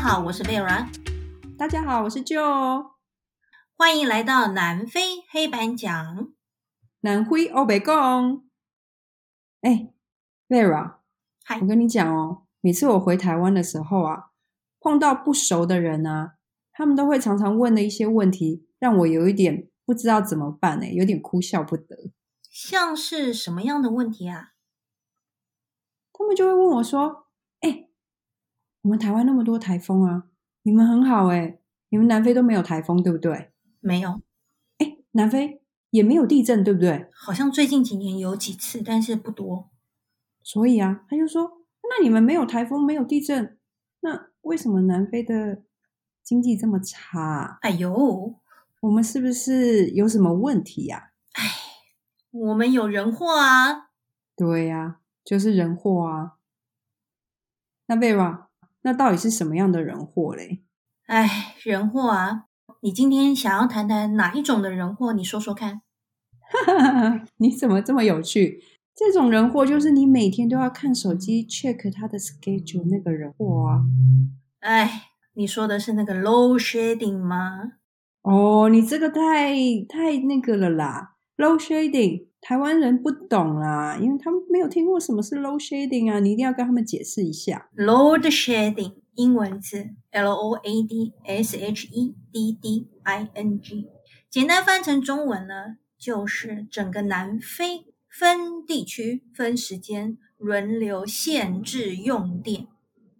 大家好，我是 Vera。大家好，我是 Gio。歡迎來到南非黑白講。南非歐北貢。哎，Vera，Hi 我跟你講哦，每次我回台灣的時候啊，碰到不熟的人呢、啊，他們都會常常問的一些問題，讓我有一點不知道怎麼辦，呢，有點哭笑不得。像是什麼樣的問題啊？他們就會問我說。我們台灣那麼多颱風啊，你們很好誒、欸、你們南非都沒有颱風對不對？沒有，誒南非也沒有地震對不對？好像最近幾年有幾次，但是不多。所以啊，他就說，那你們沒有颱風，沒有地震，那為什麼南非的經濟這麼差？哎呦，我們是不是有什麼問題呀、啊？哎，我們有人禍啊！對呀、啊，就是人禍啊！那 Vera 那到底是什麼樣的人禍嘞？哎，人禍啊！你今天想要談談哪一種的人禍？你說說看。哈哈哈，你怎麼這麼有趣？這種人禍就是你每天都要看手機 check 他的 schedule 那個人禍啊！哎，你說的是那個 load shedding 嗎？哦，你這個太太那個了啦，load shedding。台灣人不懂啦、啊，因為他們沒有聽過什麼是 load shedding 啊，你一定要跟他們解釋一下。load shedding 英文字，L-O-A-D-S-H-E-D-D-I-N-G，簡單翻成中文呢，就是整個南非分地區、分時間輪流限制用電。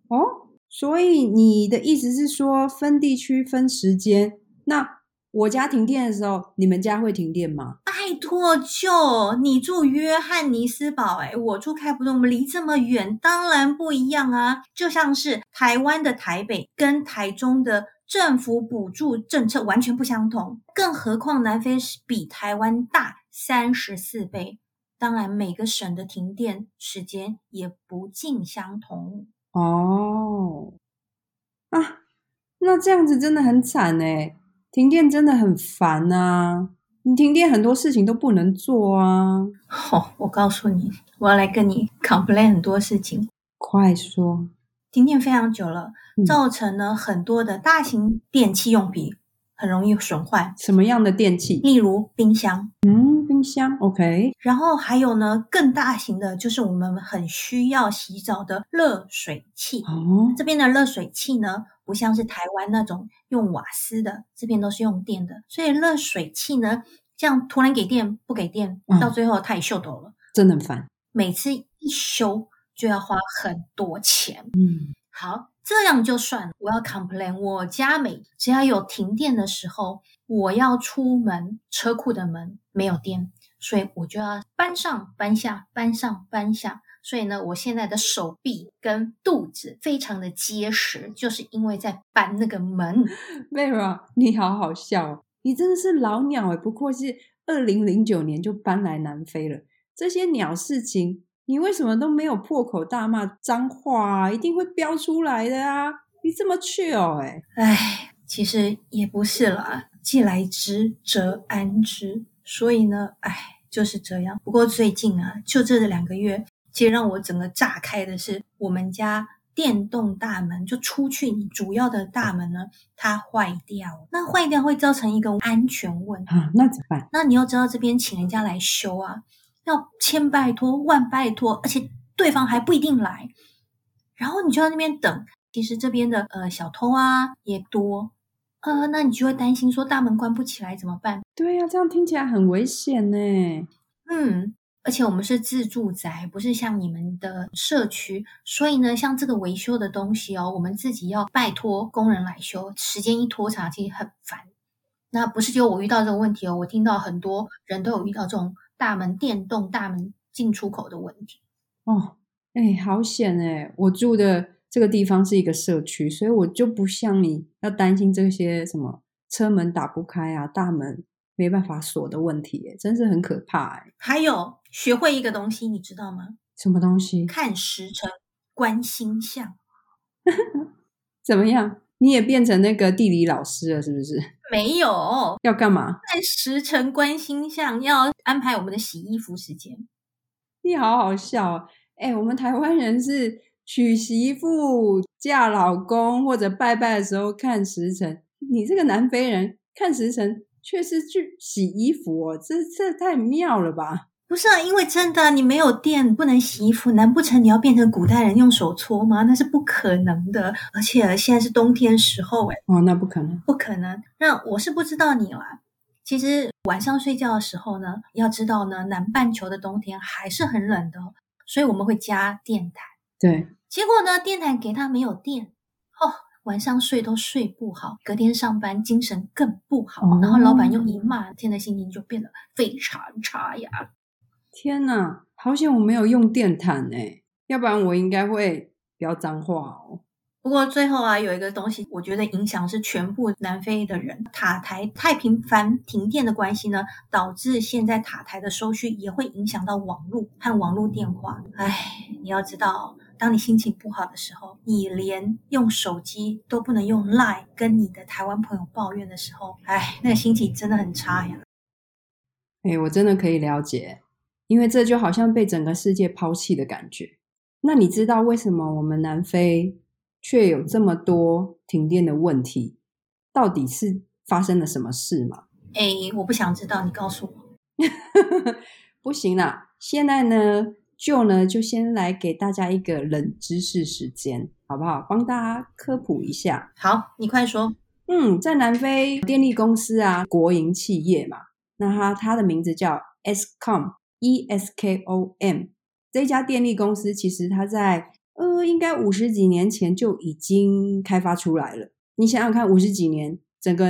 哦，所以你的意思是說分地區、分時間？那我家停電的時候，你們家會停電嗎？拜托，就你住約翰尼斯堡，欸，誒我住開普敦，我們離這麼遠，當然不一樣啊。就像是台灣的台北跟台中的政府補助政策完全不相同，更何況南非是比台灣大三十四倍，當然每個省的停電時間也不盡相同。哦，啊，那這樣子真的很慘誒、欸。停電真的很煩吶、啊！你停電很多事情都不能做啊。好、哦，我告訴你，我要來跟你 complain 很多事情。快說！停電非常久了，造成了很多的大型電器用品，很容易損壞。什麼樣的電器？例如冰箱。冰箱 OK，然後還有呢，更大型的就是我們很需要洗澡的熱水器。哦，這邊的熱水器呢，不像是台灣那種用瓦斯的，這邊都是用電的，所以熱水器呢，這樣突然給電不給電，嗯、到最後它也秀逗了，真的很煩。每次一修就要花很多錢。嗯，好，這樣就算了。我要 complain，我家每只要有停電的時候，我要出門車庫的門，沒有電，所以我就要搬上搬下，搬上搬下。所以呢，我現在的手臂跟肚子非常的結實，就是因為在搬那個門。為什麼你好好笑？你真的是老鳥哎，不過是二零零九年就搬來南非了。這些鳥事情，你為什麼都沒有破口大罵髒話啊？一定會飆出來的啊！你這麼 chill 哎，哎，其實也不是了，既來之則安之。所以呢，哎，就是這樣。不過最近啊，就這兩個月，最讓我整個炸開的是，我們家電動大門就出去，主要的大門呢，它壞掉。那壞掉會造成一個安全問題，啊、那怎麼辦？那你要知道，這邊請人家來修啊，要千拜托萬拜托，而且對方還不一定來。然後你就在那邊等，其實這邊的呃小偷啊也多。呃，那你就會擔心說大門關不起來怎麼辦？對呀、啊，這樣聽起來很危險呢。嗯，而且我們是自住宅，不是像你們的社區，所以呢，像這個維修的東西哦，我們自己要拜托工人來修，時間一拖長，其實很煩。那不是就我遇到這個問題哦，我聽到很多人都有遇到這種大門電動大門進出口的問題。哦，哎，好險誒，我住的。這個地方是一個社區，所以我就不像你要擔心這些什麼車門打不開啊、大門沒辦法鎖的問題，真是很可怕哎。還有學會一個東西，你知道嗎？什麼東西？看時辰，觀星象。 怎麼樣？你也變成那個地理老師了，是不是？沒有。要幹嘛？看時辰，觀星象，要安排我們的洗衣服時間。你好好笑哎、哦欸！我們臺灣人是。娶媳婦、嫁老公或者拜拜的時候看時辰，你這個南非人看時辰卻是去洗衣服哦，這這太妙了吧？不是啊，因為真的你沒有電不能洗衣服，難不成你要變成古代人用手搓嗎？那是不可能的。而且現在是冬天時候，誒哦，那不可能，不可能。那我是不知道你了。其實晚上睡覺的時候呢，要知道呢，南半球的冬天還是很冷的哦，所以我們會加電毯。對。結果呢，電毯給他沒有電，哦，晚上睡都睡不好，隔天上班精神更不好，嗯、然後老闆又一罵，現在心情就變得非常差呀。天哪，好險我沒有用電毯誒，要不然我應該會比較髒話哦。不過最後啊，有一個東西我覺得影響是全部南非的人塔台，太頻繁停電的關係呢，導致現在塔台的收訊也會影響到網絡和網絡電話。哎、嗯，你要知道。當你心情不好的時候，你連用手機都不能用 Line 跟你的台灣朋友抱怨的時候，哎，那個心情真的很差呀。哎、欸，我真的可以了解，因為這就好像被整個世界拋棄的感覺。那你知道為什麼我們南非卻有這麼多停電的問題？到底是發生了什麼事嗎？哎、欸，我不想知道，你告訴我。 不行啦，現在呢，就呢，就先來給大家一個冷知識時間，好不好？幫大家科普一下。好，你快說。嗯，在南非電力公司啊，國營企業嘛，那它它的名字叫 Eskom，E S K O M。這家電力公司其實它在呃，應該五十幾年前就已經開發出來了。你想想看，五十幾年，整個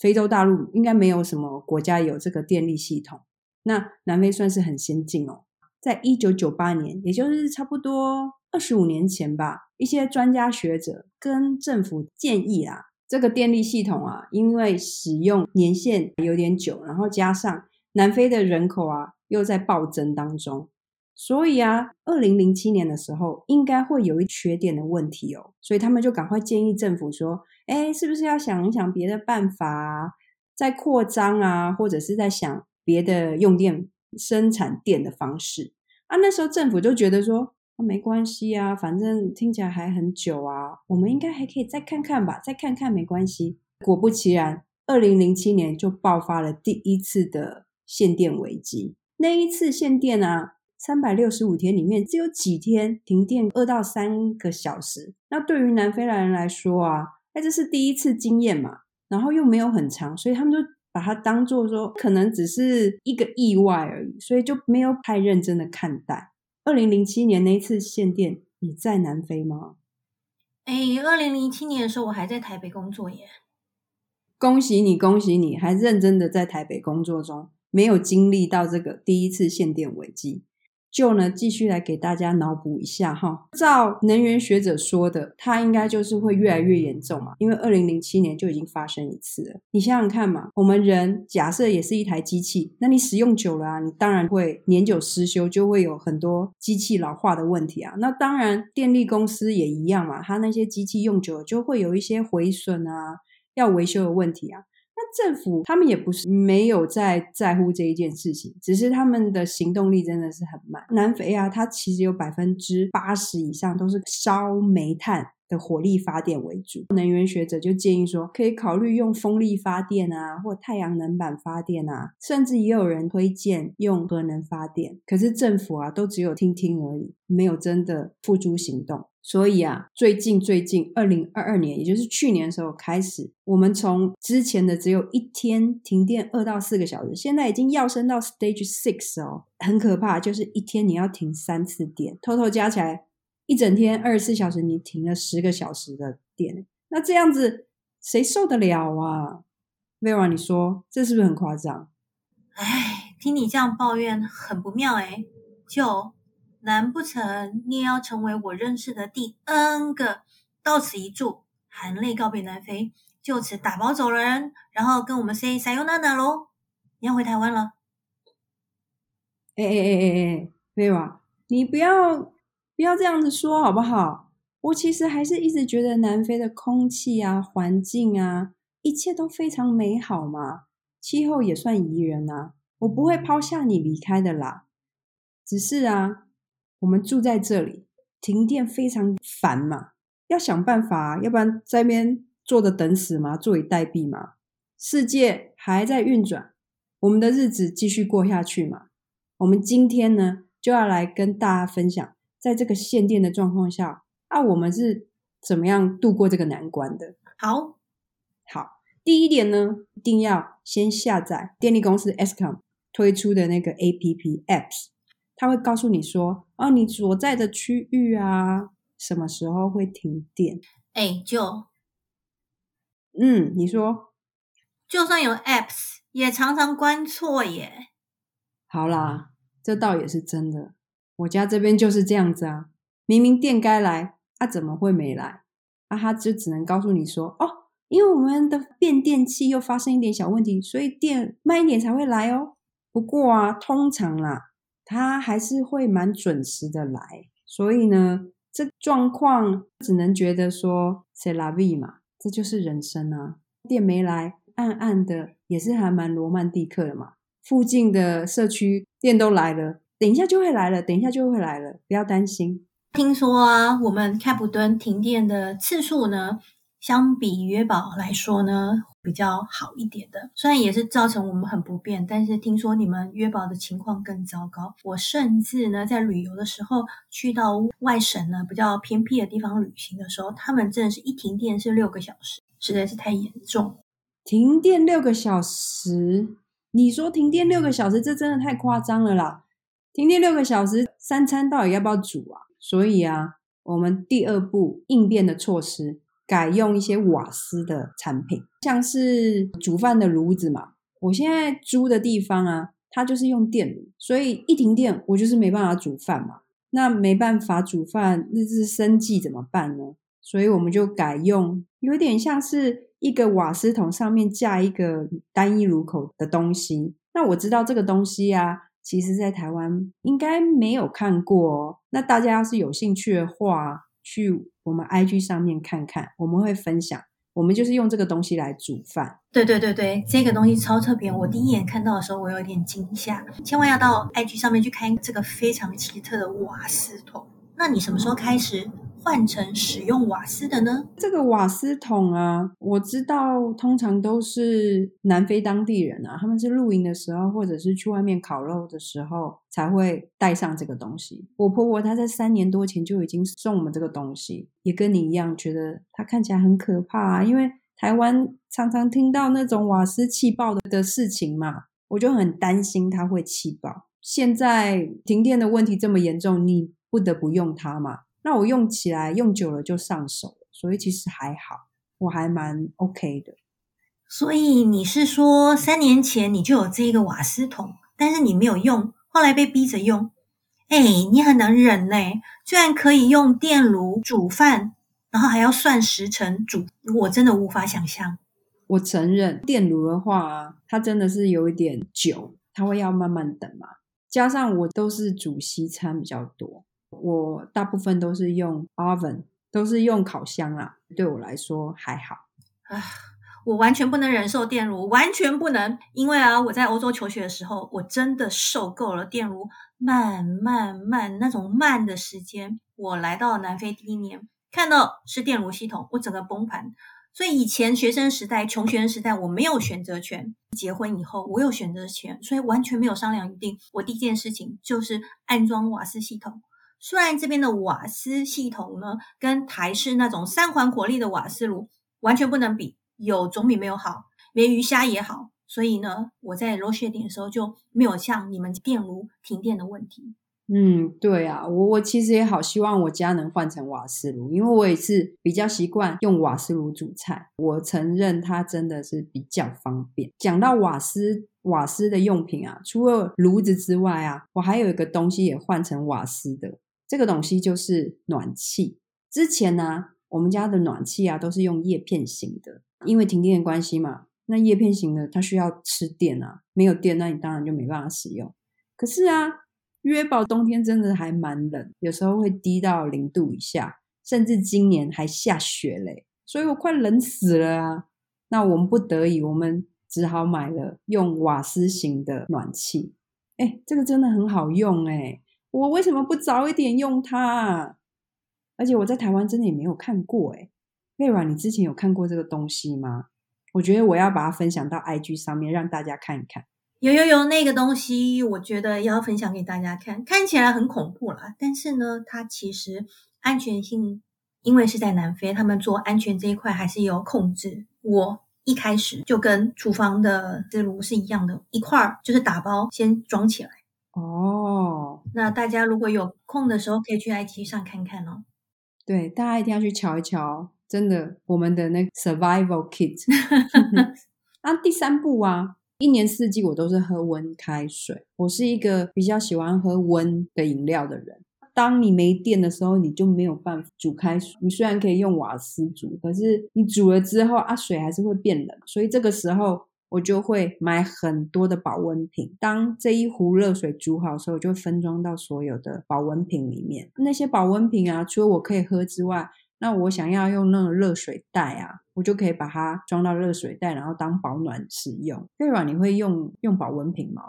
非洲大陸應該沒有什麼國家有這個電力系統，那南非算是很先進哦。在一九九八年，也就是差不多二十五年前吧，一些專家學者跟政府建議啊，這個電力系統啊，因為使用年限有點久，然後加上南非的人口啊又在暴增當中，所以啊，二零零七年的時候，應該會有一缺電的問題哦，所以他們就趕快建議政府說，哎、欸，是不是要想一想別的辦法，啊，再擴張啊，或者是在想別的用電。生產電的方式啊，那時候政府就覺得說、啊，沒關係啊，反正聽起來還很久啊，我們應該還可以再看看吧，再看看沒關係。果不其然，二零零七年就爆發了第一次的限電危機。那一次限電啊，三百六十五天裡面只有幾天停電，二到三個小時。那對於南非人來說啊，那、哎、這是第一次經驗嘛，然後又沒有很長，所以他們就。把它當做說，可能只是一個意外而已，所以就沒有太認真的看待。二零零七年那一次限電，你在南非嗎？哎、欸，二零零七年的時候，我還在台北工作耶。恭喜你，恭喜你，還認真的在台北工作中，沒有經歷到這個第一次限電危機。就呢，繼續來給大家腦補一下哈。照能源學者說的，它應該就是會越來越嚴重嘛，因為二零零七年就已經發生一次了。你想想看嘛，我們人假設也是一台機器，那你使用久了啊，你當然會年久失修，就會有很多機器老化的問題啊。那當然，電力公司也一樣嘛，它那些機器用久了就會有一些毀損啊，要維修的問題啊。政府他們也不是沒有在在乎這一件事情，只是他們的行動力真的是很慢。南非啊，它其實有百分之八十以上都是燒煤炭的火力發電為主，能源學者就建議說，可以考慮用風力發電啊，或太陽能板發電啊，甚至也有人推薦用核能發電。可是政府啊，都只有聽聽而已，沒有真的付諸行動。所以啊，最近最近，二零二二年，也就是去年的時候開始，我們從之前的只有一天停電二到四個小時，現在已經要升到 Stage Six 哦，很可怕，就是一天你要停三次電，偷偷加起來。一整天二十四小時，你停了十個小時的電，那這樣子誰受得了啊？Vera，你說這是不是很誇張？哎，聽你這樣抱怨，很不妙哎、欸。就難不成你也要成為我認識的第 N 個到此一住，含淚告別南非，就此打包走人，然後跟我們 say sayonara 嘍？你要回台灣了？哎哎哎哎哎，Vera，你不要。不要這樣子說好不好？我其實還是一直覺得南非的空氣啊、環境啊，一切都非常美好嘛，氣候也算宜人啊。我不會拋下你離開的啦。只是啊，我們住在這裡，停電非常煩嘛，要想辦法啊，要不然在那邊坐着等死嘛，坐以待斃嘛。世界還在運轉，我們的日子繼續過下去嘛。我們今天呢，就要來跟大家分享。在這個限電的狀況下，那、啊、我們是怎麼樣度過這個難關的？好好，第一點呢，一定要先下載電力公司 Eskom 推出的那個 A P P apps，他會告訴你說，哦、啊，你所在的區域啊，什麼時候會停電？哎、欸，就嗯，你說，就算有 apps，也常常關錯耶。好啦，嗯、這倒也是真的。我家這邊就是這樣子啊，明明電該來，啊怎麼會沒來？啊，他就只能告訴你說，哦，因為我們的變電器又發生一點小問題，所以電慢一點才會來哦。不過啊，通常啦，他還是會蠻準時的來。所以呢，這狀況只能覺得說，塞拉維嘛，這就是人生啊。電沒來，暗暗的也是還蠻羅曼蒂克的嘛。附近的社區店都來了。等一下就會來了，等一下就會來了，不要擔心。聽說啊，我們開普敦停電的次數呢，相比約堡來說呢，比較好一點的。雖然也是造成我們很不便，但是聽說你們約堡的情況更糟糕。我甚至呢，在旅遊的時候，去到外省呢，比較偏僻的地方旅行的時候，他們真的是一停電是六個小時，實在是太嚴重。停電六個小時？你說停電六個小時，這真的太誇張了啦！停電六個小時，三餐到底要不要煮啊？所以啊，我們第二步應變的措施，改用一些瓦斯的產品，像是煮飯的爐子嘛。我現在租的地方啊，它就是用電爐，所以一停電，我就是沒辦法煮飯嘛。那沒辦法煮飯，日日生計怎麼辦呢？所以我們就改用，有點像是一個瓦斯桶上面架一個單一爐口的東西。那我知道這個東西啊。其實，在台灣應該沒有看過哦。那大家要是有興趣的話，去我們 IG 上面看看，我們會分享。我們就是用這個東西來煮飯。對對對對，這個東西超特別。我第一眼看到的時候，我有點驚嚇。千萬要到 IG 上面去看這個非常奇特的瓦斯桶。那你什麼時候開始？嗯換成使用瓦斯的呢？這個瓦斯桶啊，我知道通常都是南非當地人啊，他們是露營的時候或者是去外面烤肉的時候才會帶上這個東西。我婆婆她在三年多前就已經送我們這個東西，也跟你一樣覺得它看起來很可怕啊，因為台灣常常聽到那種瓦斯氣爆的的事情嘛，我就很擔心它會氣爆。現在停電的問題這麼嚴重，你不得不用它嘛。那我用起來用久了就上手了，所以其實還好，我還蠻 OK 的。所以你是說三年前你就有這個瓦斯桶，但是你沒有用，後來被逼着用？哎、欸，你很能忍呢、欸！居然可以用電爐煮飯，然後還要算時辰煮，我真的無法想象。我承認電爐的話，它真的是有一點久，它會要慢慢等嘛。加上我都是煮西餐比較多。我大部分都是用 oven，都是用烤箱啦、啊。對我來說還好啊，我完全不能忍受電爐，完全不能。因為啊，我在歐洲求學的時候，我真的受夠了電爐慢慢慢慢，那種慢的時間。我來到南非第一年，看到是電爐系統，我整個崩盤。所以以前學生時代，窮學生時代，我沒有選擇權。結婚以後，我有選擇權，所以完全沒有商量一定。我第一件事情就是安裝瓦斯系統。雖然這邊的瓦斯系統呢，跟台式那種三環火力的瓦斯爐完全不能比，有總比沒有好，連魚蝦也好，所以呢，我在 Load Shedding 的時候就沒有像你們電爐停電的問題。嗯，對啊，我我其實也好希望我家能換成瓦斯爐，因為我也是比較習慣用瓦斯爐煮菜。我承認它真的是比較方便。講到瓦斯瓦斯的用品啊，除了爐子之外啊，我還有一個東西也換成瓦斯的。這個東西就是暖氣。之前呢，啊，我們家的暖氣啊都是用葉片型的，因為停電關係嘛。那葉片型的它需要吃電啊，沒有電，那你當然就沒辦法使用。可是啊，約堡冬天真的還蠻冷，有時候會低到零度以下，甚至今年還下雪嘞，所以我快冷死了啊。那我們不得已，我們只好買了用瓦斯型的暖氣。誒，這個真的很好用誒。我為什麼不早一點用它？而且我在台灣真的也沒有看過誒。Vera，你之前有看過這個東西嗎？我覺得我要把它分享到 IG 上面，讓大家看一看。有有有，那個東西我覺得要分享給大家看。看起來很恐怖啦，但是呢，它其實安全性，因為是在南非，他們做安全這一塊還是有控制。我一開始就跟廚房的這爐是一樣的，一塊兒就是打包先裝起來。哦，oh, 那大家如果有空的時候可以去 IT 上看看哦。對，大家一定要去瞧一瞧，真的，我們的那個 survival kit。那第三步啊，一年四季我都是喝溫開水。我是一個比較喜歡喝溫的飲料的人。當你沒電的時候，你就沒有辦法煮開水。你雖然可以用瓦斯煮，可是你煮了之後啊，水還是會變冷。所以這個時候。我就會買很多的保溫瓶。當這一壺熱水煮好的時候，我就分裝到所有的保溫瓶裡面。那些保溫瓶啊，除了我可以喝之外，那我想要用那個熱水袋啊，我就可以把它裝到熱水袋，然後當保暖使用。Vera 啊，你會用用保溫瓶嗎？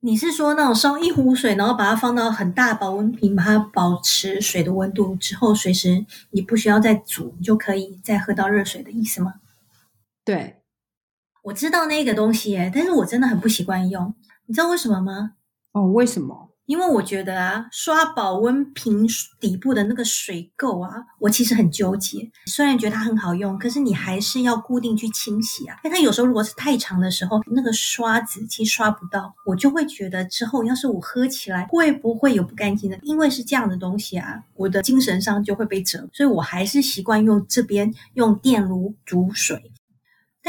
你是說那種燒一壺水，然後把它放到很大保溫瓶，把它保持水的溫度之後，隨時你不需要再煮，你就可以再喝到熱水的意思嗎？對。我知道那個東西耶，但是我真的很不習慣用。你知道為什麼嗎？哦，為什麼？因為我覺得啊，刷保溫瓶底部的那個水垢啊，我其實很糾結。雖然覺得它很好用，可是你還是要固定去清洗啊。但它有時候如果是太長的時候，那個刷子其實刷不到，我就會覺得之後要是我喝起來會不會有不乾淨的？因為是這樣的東西啊，我的精神上就會被折。所以我還是習慣用這邊用電爐煮水。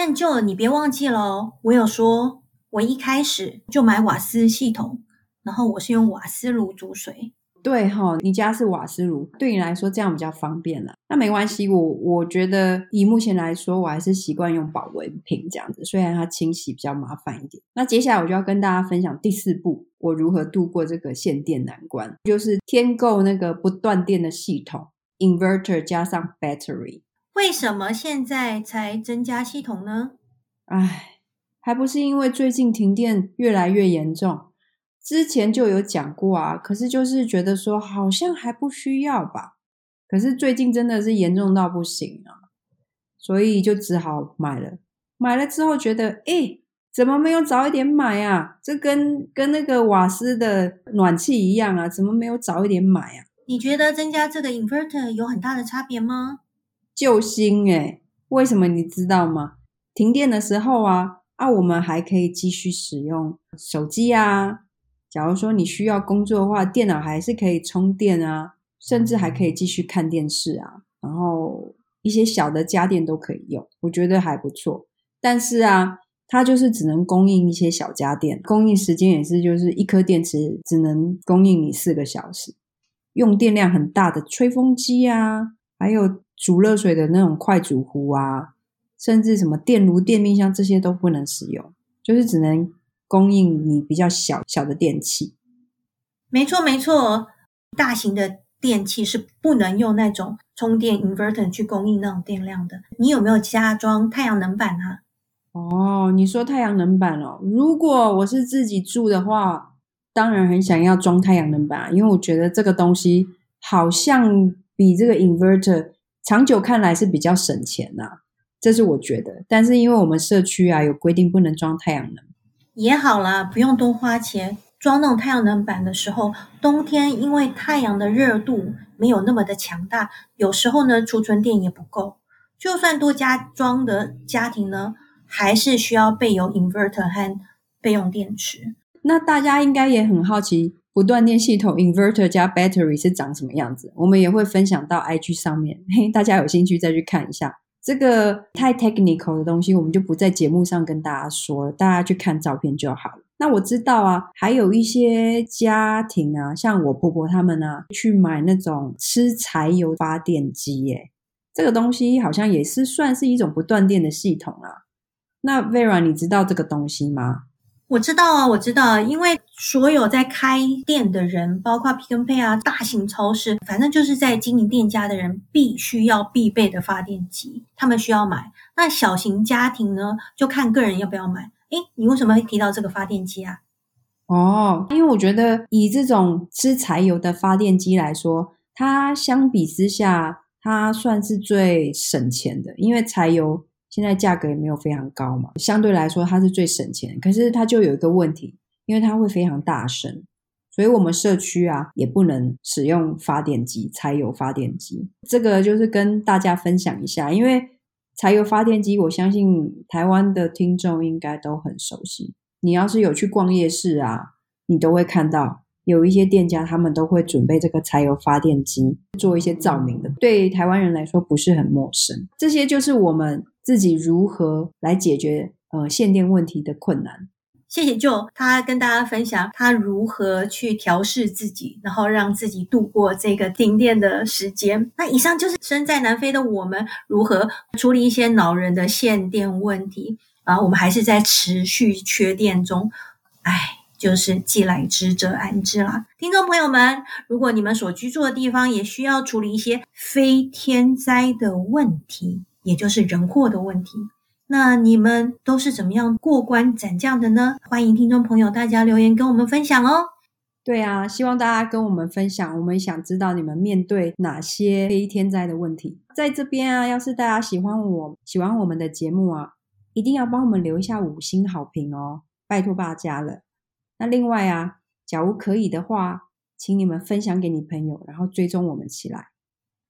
但就你別忘記咯我有說我一開始就買瓦斯系統，然後我是用瓦斯爐煮水。對哈、哦，你家是瓦斯爐，對你來說這樣比較方便了。那沒關係，我我覺得以目前來說，我還是習慣用保溫瓶這樣子，雖然它清洗比較麻煩一點。那接下來我就要跟大家分享第四步，我如何度過這個限電難關，就是添購那個不斷電的系統，inverter 加上 battery。為什麼現在才增加系統呢？哎，還不是因為最近停電越來越嚴重。之前就有講過啊，可是就是覺得說好像還不需要吧。可是最近真的是嚴重到不行啊，所以就只好買了。買了之後覺得，哎，怎麼沒有早一點買啊？這跟跟那個瓦斯的暖氣一樣啊，怎麼沒有早一點買啊？你覺得增加這個 inverter 有很大的差別嗎？救星哎，為什麼你知道嗎？停電的時候啊，啊，我們還可以繼續使用手機啊。假如說你需要工作的話，電腦還是可以充電啊，甚至還可以繼續看電視啊。然後一些小的家電都可以用，我覺得還不錯。但是啊，它就是只能供應一些小家電，供應時間也是就是一顆電池只能供應你四個小時。用電量很大的吹風機啊，還有。煮熱水的那種快煮壺啊，甚至什麼電爐、電冰箱這些都不能使用，就是只能供應你比較小小的電器。沒錯，沒錯，大型的電器是不能用那種充電 inverter 去供應那種電量的。你有沒有加裝太陽能板啊？哦，你說太陽能板哦。如果我是自己住的話，當然很想要裝太陽能板啊，因為我覺得這個東西好像比這個 inverter。長久看來是比較省錢吶，啊，這是我覺得。但是因為我們社區啊有規定不能裝太陽能，也好啦，不用多花錢裝那種太陽能板的時候，冬天因為太陽的熱度沒有那麼的強大，有時候呢儲存電也不夠，就算多加裝的家庭呢，還是需要備有 inverter 和備用電池。那大家應該也很好奇，不斷電系統，inverter 加 battery 是長什麼樣子？我們也會分享到 IG 上面，嘿，大家有興趣再去看一下。這個太 technical 的東西，我們就不在節目上跟大家說了，大家去看照片就好了。那我知道啊，還有一些家庭啊，像我婆婆他們呢、啊，去買那種吃柴油發電機，誒，這個東西好像也是算是一種不斷電的系統啊。那 Vera，你知道這個東西嗎？我知道啊，我知道，因為。所有在開店的人，包括 Pick n Pay 啊、大型超市，反正就是在經營店家的人，必須要必備的發電機，他們需要買。那小型家庭呢，就看個人要不要買。哎，你為什麼會提到這個發電機啊？哦，因為我覺得以這種吃柴油的發電機來說，它相比之下，它算是最省錢的，因為柴油現在價格也沒有非常高嘛，相對來說，它是最省錢。可是它就有一個問題。因為它會非常大聲，所以我們社區啊也不能使用發電機，柴油發電機。這個就是跟大家分享一下。因為柴油發電機，我相信台灣的聽眾應該都很熟悉。你要是有去逛夜市啊，你都會看到有一些店家他們都會準備這個柴油發電機做一些照明的。對台灣人來說不是很陌生。這些就是我們自己如何來解決呃限電問題的困難。謝謝舅，他跟大家分享他如何去調試自己，然後讓自己度過這個停電的時間。那以上就是身在南非的我們如何處理一些惱人的限電問題啊！我們還是在持續缺電中，哎，就是既來之則安之啦。聽眾朋友們，如果你們所居住的地方也需要處理一些非天災的問題，也就是人禍的問題。那你們都是怎麼樣過關斬將的呢？歡迎聽眾朋友，大家留言跟我們分享哦。對啊，希望大家跟我們分享，我們想知道你們面對哪些非天災的問題。在這邊啊，要是大家喜歡我，喜歡我們的節目啊，一定要幫我們留一下五星好評哦，拜托大家了。那另外啊，假如可以的話，請你們分享給你朋友，然後追蹤我們起來。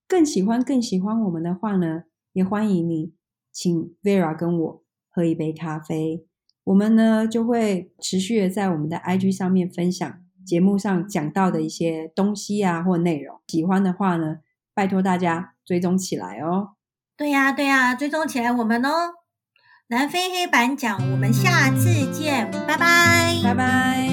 更喜歡、更喜歡我們的話呢，也歡迎你。請 Vera 跟我喝一杯咖啡，我們呢，就會持續的在我們的 IG 上面分享節目上講到的一些東西啊或內容，喜歡的話呢，拜托大家追蹤起來哦。對呀、啊、對呀、啊，追蹤起來我們哦。南非黑白講，我們下次見，拜拜，拜拜。